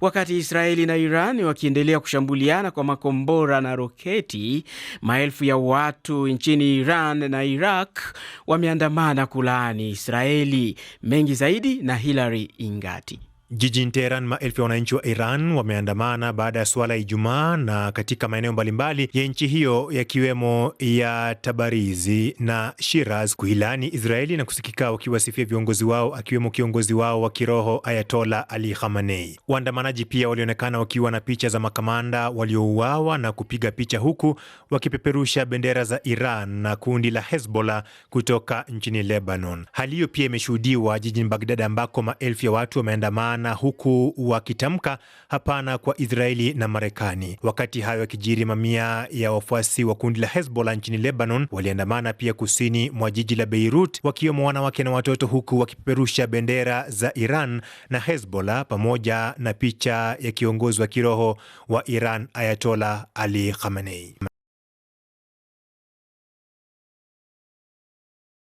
Wakati Israeli na Iran wakiendelea kushambuliana kwa makombora na roketi, maelfu ya watu nchini Iran na Iraq wameandamana kulaani Israeli. Mengi zaidi na Hilary Ingati. Jijini Teheran, maelfu ya wananchi wa Iran wameandamana baada ya suala ya Ijumaa na katika maeneo mbalimbali ya nchi hiyo yakiwemo ya Tabarizi na Shiraz kuilani Israeli na kusikika wakiwasifia viongozi wao akiwemo kiongozi wao wa kiroho Ayatola Ali Khamenei. Waandamanaji pia walionekana wakiwa na picha za makamanda waliouawa na kupiga picha huku wakipeperusha bendera za Iran na kundi la Hezbollah kutoka nchini Lebanon. Hali hiyo pia imeshuhudiwa jijini Bagdad ambako maelfu ya watu wameandamana sana, huku wakitamka hapana kwa Israeli na Marekani. Wakati hayo yakijiri, mamia ya wafuasi wa kundi la Hezbollah nchini Lebanon waliandamana pia kusini mwa jiji la Beirut, wakiwemo wanawake na watoto, huku wakipeperusha bendera za Iran na Hezbollah pamoja na picha ya kiongozi wa kiroho wa Iran Ayatollah Ali Khamenei.